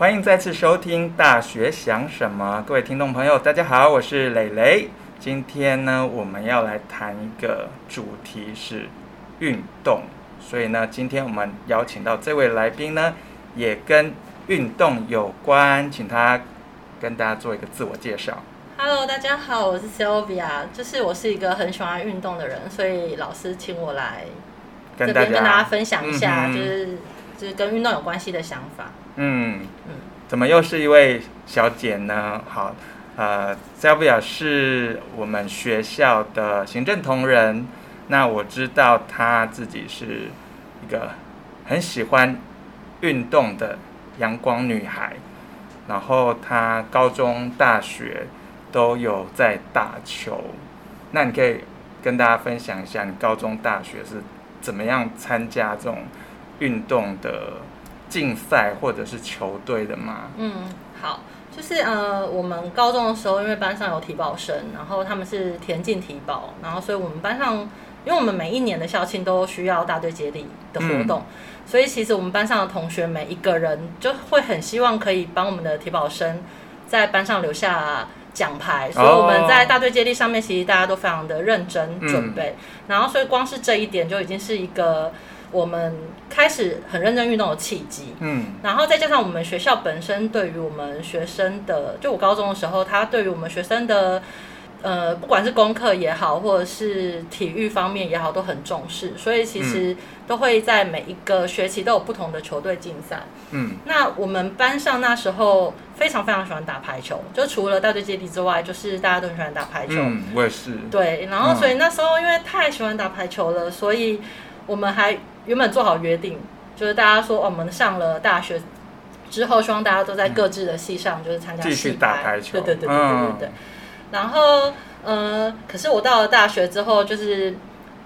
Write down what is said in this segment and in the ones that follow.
歡迎再次收聽《大學想什麼》，各位聽眾朋友，大家好，我是蕾蕾。今天呢，我們要來談一個主題是運動，所以呢，今天我們邀請到這位來賓呢，也跟運動有關，請他跟大家做一個自我介紹。Hello，大家好，我是 Sylvia，就是我是一個很喜歡運動的人，所以老師請我來這邊跟大家跟大家分享一下，嗯、哼就是。是跟運動有關係的想法。嗯，怎麼又是一位小姐呢？好，呃，Sylvia 是我們學校的行政同仁。那我知道她自己是一個很喜歡運動的陽光女孩。然後她高中、大學都有在打球。那你可以跟大家分享一下，你高中、大學是怎麼樣參加這種？運動的競賽或者是球隊的嗎？嗯，好，就是呃，我們高中的時候，因為班上有體保生，然後他們是田徑體保，然後所以我們班上，因為我們每一年的校慶都需要大隊接力的活動，嗯、所以其實我們班上的同學每一個人就會很希望可以幫我們的體保生在班上留下獎牌，所以我們在大隊接力上面，其實大家都非常的認真準備，嗯、然後所以光是這一點就已經是一個。我們開始很認真運動的契機，嗯，然後再加上我們學校本身對於我們學生的，就我高中的時候，他對於我們學生的，呃，不管是功課也好，或者是體育方面也好，都很重視，所以其實都會在每一個學期都有不同的球隊競賽，嗯，那我們班上那時候非常非常喜歡打排球，就除了大隊接力之外，就是大家都很喜歡打排球，嗯，我也是，對，然後所以那時候因為太喜歡打排球了，所以我們還。原本做好約定，就是大家說、哦，我們上了大學之後，希望大家都在各自的系上，嗯、就是參加繼續打排球，對對對，對，對對對，對對、嗯。然後，呃，可是我到了大學之後，就是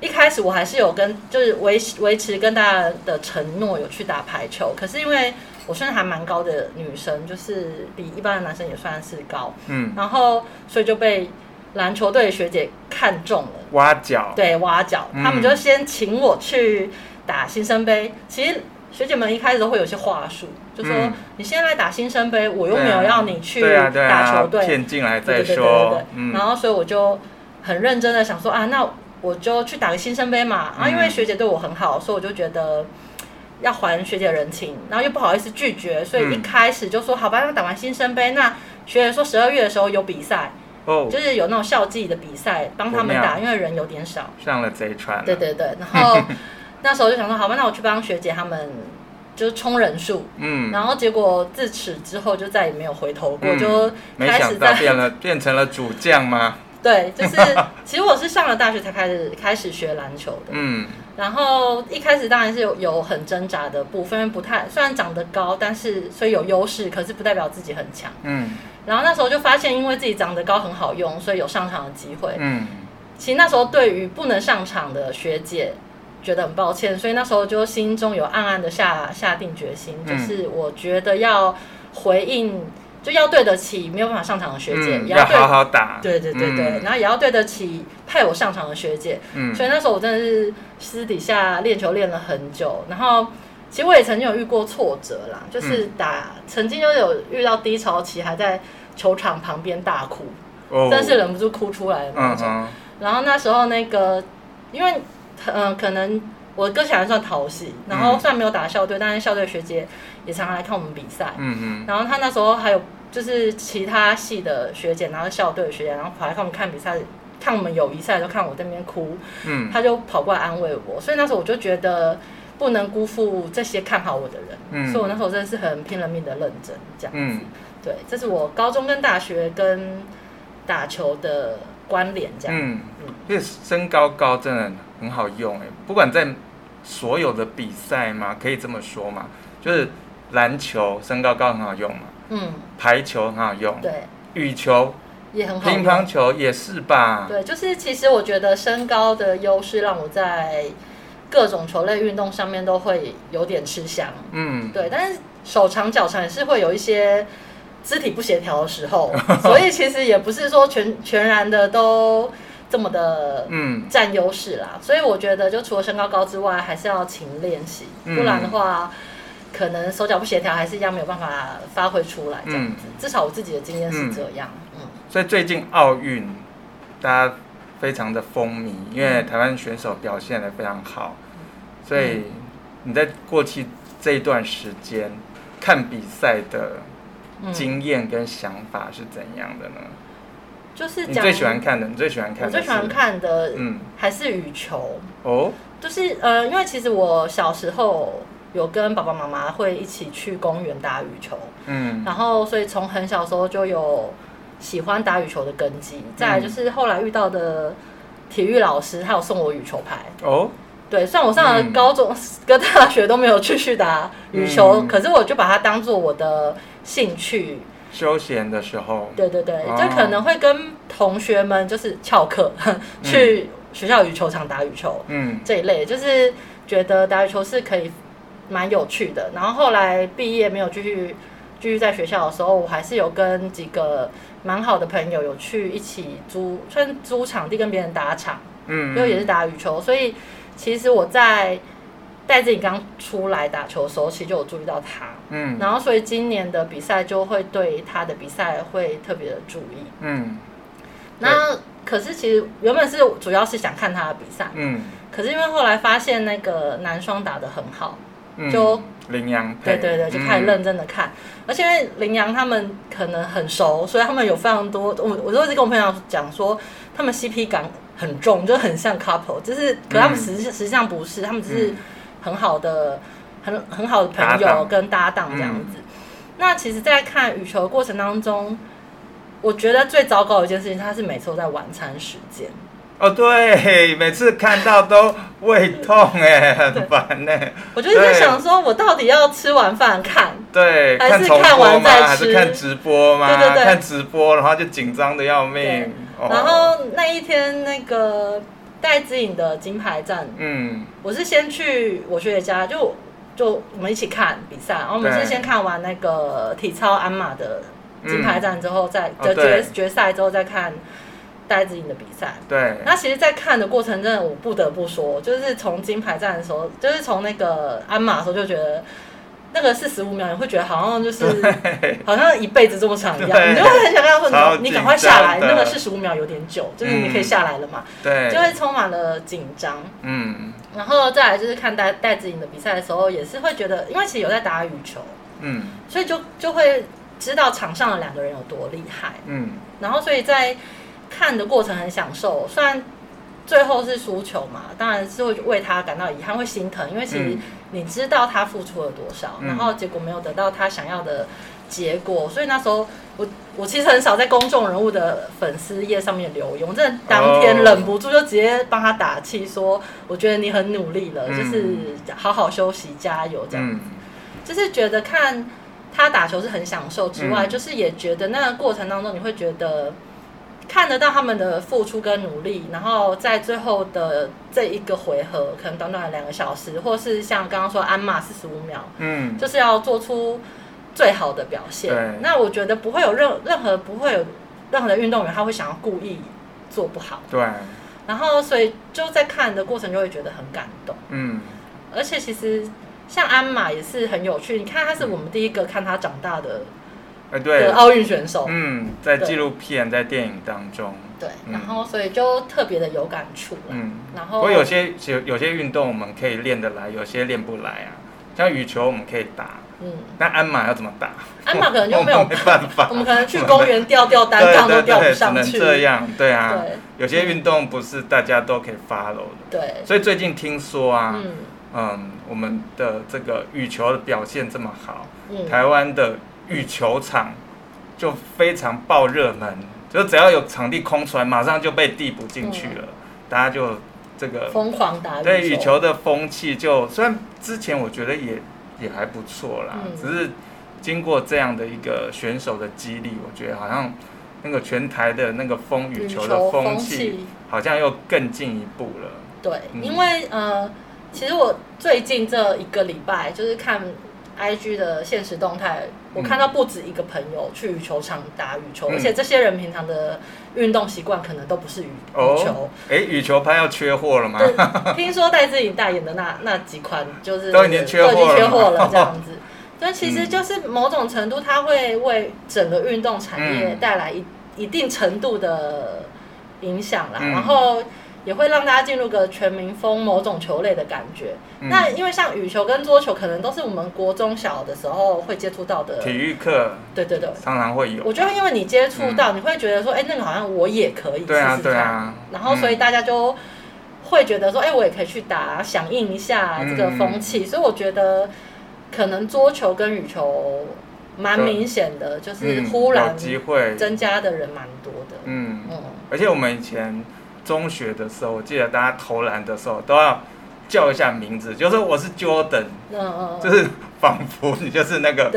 一開始我還是有跟，就是維維持跟大家的承諾，有去打排球。可是因為我算還蠻高的女生，就是比一般的男生也算是高，嗯。然後，所以就被籃球隊學姐看中了，挖角。對，挖角，嗯、他們就先請我去。打新生杯，其實學姐們一開始都會有些話術，就說、嗯、你先來打新生杯，我又沒有要你去、嗯啊啊、打球隊，騙進來再說，對對對對，然後所以我就很認真的想說啊，那我就去打個新生杯嘛、嗯、啊，因為學姐對我很好，所以我就覺得要還學姐人情，然後又不好意思拒絕，所以一開始就說好吧，那打完新生杯，那學姐說十二月的時候有比賽，哦、就是有那種校際的比賽，幫他們打，因為人有點少，上了賊船了，對對對，然後。 那時候就想說，好吧，那我去幫學姐他們就，就充人數。嗯，然後結果自此之後就再也沒有回頭過，嗯、就開始在，沒想到變了，變成了主將嗎？對，就是 其實我是上了大學才開始開始學籃球的。嗯，然後一開始當然是有,有很掙扎的部分，不太雖然長得高，但是雖然有優勢，可是不代表自己很強。嗯，然後那時候就發現，因為自己長得高很好用，所以有上場的機會。嗯，其實那時候對於不能上場的學姐。覺得很抱歉，所以那時候就心中有暗暗的下下定決心，嗯、就是我覺得要回應，就要對得起沒有辦法上場的學姐，也要好好打，對對對對，嗯、然後也要對得起派我上場的學姐。嗯，所以那時候我真的是私底下練球練了很久，然後其實我也曾經有遇過挫折啦，就是打、嗯、曾經就有遇到低潮期，還在球場旁邊大哭，哦、真是忍不住哭出來的那種。嗯哦、然後那時候那個因為。嗯，可能我個性還算討喜，然後雖然沒有打校隊，嗯、但是校隊學姐也常常來看我們比賽。嗯。嗯嗯，然後他那時候還有就是其他系的學姐，然後校隊的學姐，然後跑來看我們看比賽，看我們友誼賽，就看我在那邊哭。嗯。他就跑過來安慰我，所以那時候我就覺得不能辜負這些看好我的人。嗯。所以我那時候真的是很拼了命的認真這樣子。嗯、對，這是我高中跟大學跟打球的。關聯這樣，嗯，嗯，因為身高高真的很好用，欸，不管在所有的比賽嘛，可以這麼說嘛，就是籃球身高高很好用嘛，嗯，排球很好用，對，羽球也很好用，乒乓球也是吧，對，就是其實我覺得身高的優勢讓我在各種球類運動上面都會有點吃香，嗯，對，但是手長腳長也是會有一些。肢體不協調的時候， 所以其實也不是說全全然的都這麼的嗯佔優勢啦。嗯、所以我覺得，就除了身高高之外，還是要勤練習，嗯、不然的話，可能手腳不協調還是一樣沒有辦法發揮出來這樣子。嗯、至少我自己的經驗是這樣。嗯，嗯所以最近奧運大家非常的風靡，嗯、因為台灣選手表現的非常好。嗯、所以你在過去這一段時間、嗯、看比賽的。經驗跟想法是怎樣的呢？就是講你最喜歡看的，你最喜歡看的，最喜歡看的，嗯，還是羽球哦。就是呃，因為其實我小時候有跟爸爸媽媽會一起去公園打羽球，嗯，然後所以從很小時候就有喜歡打羽球的根基。再來就是後來遇到的體育老師，他有送我羽球拍哦。嗯對，雖然我上了高中跟大學都沒有繼續打羽球，嗯嗯、可是我就把它當做我的興趣。休閒的時候。對對對，哦、就可能會跟同學們就是翹課、嗯、去學校羽球場打羽球。嗯。這一類就是覺得打羽球是可以蠻有趣的。然後後來畢業沒有繼續繼續在學校的時候，我還是有跟幾個蠻好的朋友有去一起租，趁租場地跟別人打場。嗯。因為也是打羽球，所以。其實我在戴資穎剛出來打球的時候，其實就有注意到他，嗯，然後所以今年的比賽就會對他的比賽會特別的注意，嗯，那可是其實原本是主要是想看他的比賽，嗯，可是因為後來發現那個男雙打得很好，嗯、就麟洋，羊羨對對對，就開始認真的看，嗯、而且因為麟洋他們可能很熟，所以他們有非常多，我我一直跟我朋友講說他們 CP 感。很重，就很像 couple，就是，可他們實實際上不是，他們只是很好的，很很好的朋友跟搭檔這樣子。那其實，在看羽球的過程當中，我覺得最糟糕的一件事情，他是每次都在晚餐時間。哦，對，每次看到都胃痛，哎，很煩，哎。我就是在想，說我到底要吃完飯看，對，還是看完再吃？是看直播嗎？對對對，看直播，然後就緊張的要命。然後那一天那個戴資穎的金牌戰，嗯，我是先去我學姐家，就就我們一起看比賽。然後我們是先看完那個體操鞍馬的金牌戰之後，再決決賽之後再看戴資穎的比賽。對，那其實，在看的過程，真的我不得不說，就是從金牌戰的時候，就是從那個鞍馬的時候，就覺得。那個四十五秒你會覺得好像就是對好像一輩子這麼長一樣，對你就會很想告訴你趕快下來。那個四十五秒有點久，嗯、就是你可以下來了嘛，對，就會充滿了緊張。嗯，然後再來就是看戴戴資穎的比賽的時候，也是會覺得，因為其實有在打羽球，嗯，所以就就會知道場上的兩個人有多厲害，嗯，然後所以在看的過程很享受，雖然最後是輸球嘛，當然是會為他感到遺憾，會心疼，因為其實、嗯。你知道他付出了多少，然後結果沒有得到他想要的結果，嗯、所以那時候我我其實很少在公眾人物的粉絲頁上面留言，我真的當天忍不住就直接幫他打氣，說我覺得你很努力了，嗯、就是好好休息，加油這樣子，嗯、就是覺得看他打球是很享受之外，嗯、就是也覺得那個過程當中你會覺得。看得到他們的付出跟努力，然後在最後的這一個回合，可能短短兩個小時，或是像剛剛說鞍馬四十五秒，嗯，就是要做出最好的表現。對，那我覺得不會有任何任何不會有任何的運動員，他會想要故意做不好。對。然後，所以就在看的過程就會覺得很感動。嗯。而且其實像鞍馬也是很有趣，你看他是我們第一個看他長大的。哎，對，奧運選手，嗯，在紀錄片、在電影當中，對，然後所以就特別的有感觸，嗯，然後，不過有些有有些運動我們可以練得來，有些練不來啊，像羽球我們可以打，嗯，那鞍馬要怎麼打？鞍馬可能就沒有辦法，我們可能去公園吊吊單槓都吊不上去，這樣，對啊，有些運動不是大家都可以 follow 的，對，所以最近聽說啊，嗯，我們的這個羽球的表現這麼好，嗯，台灣的。羽球場就非常爆熱門，就只要有場地空出來，馬上就被遞補進去了。嗯、大家就這個瘋狂打羽球。對，羽球的風氣，就雖然之前我覺得也也還不錯啦，嗯、只是經過這樣的一個選手的激勵，我覺得好像那個全台的那個風雨球的風氣好像又更進一步了。對，嗯、因為呃，其實我最近這一個禮拜就是看 IG 的限時動態。我看到不止一個朋友去球場打羽球，嗯、而且這些人平常的運動習慣可能都不是羽，、哦、羽球。哎、欸，羽球拍要缺貨了嗎？聽說戴資穎代言的那那幾款就是都已經缺貨了，這樣子。但其實就是某種程度，它會為整個運動產業帶來一、嗯、一定程度的影響啦。嗯、然後。也會讓大家進入個全民風某種球類的感覺。那因為像羽球跟桌球，可能都是我們國中小的時候會接觸到的體育課。對對對，常常會有。我覺得因為你接觸到，你會覺得說，哎，那個好像我也可以。對啊對啊。然後所以大家就會覺得說，哎，我也可以去打，響應一下這個風氣。所以我覺得可能桌球跟羽球蠻明顯的，就是忽然機會增加的人蠻多的。嗯嗯，而且我們以前。中學的時候，我記得大家投籃的時候都要叫一下名字，就是說我是 Jordan，、嗯、就是仿佛你就是那個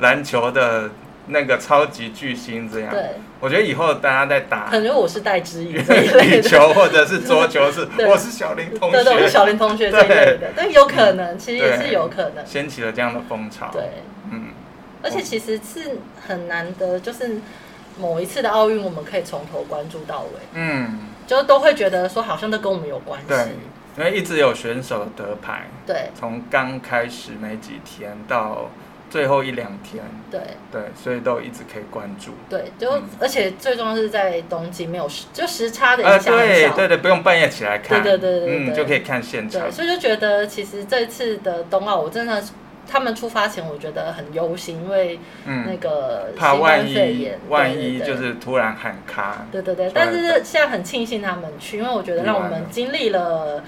籃球的那個超級巨星這樣。對我覺得以後大家在打，可能因為我是戴資穎，羽球或者是桌球是 對我是小林同學，對對，我是小林同學對，對有可能其實也是有可能，掀、嗯、起了這樣的風潮。對，嗯，而且其實是很難得，就是某一次的奧運，我們可以從頭關注到尾，我嗯。就都會覺得說，好像都跟我們有關係。因為一直有選手得牌。對。從剛開始沒幾天到最後一兩天。對。對，所以都一直可以關注。對，就、嗯、而且最重要是在東奧沒有時就時差的影響，呃對。對對對，不用半夜起來看。對，對對對對，嗯，對對對對就可以看現場。對，所以就覺得其實這次的東奧，我真的。他們出發前，我覺得很憂心，因為那個怕武漢肺炎、嗯、怕萬一對對對，萬一就是突然喊卡。對對對，但是現在很慶幸他們去，因為我覺得讓我們經歷了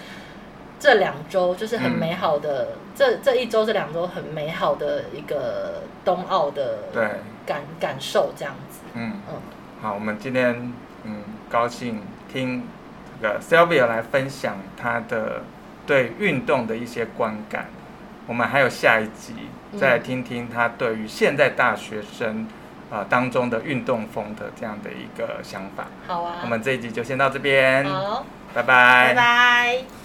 這兩周，就是很美好的、嗯、這這一周這兩周很美好的一個東奧的感對感感受這樣子。嗯嗯，嗯好，我們今天嗯高興聽這個 Sylvia 來分享她的對運動的一些觀感。我們還有下一集，再來聽聽他對於現在大學生啊，嗯，呃，當中的運動風的這樣的一個想法。好啊，我們這一集就先到這邊。好哦，拜拜。拜拜。拜拜。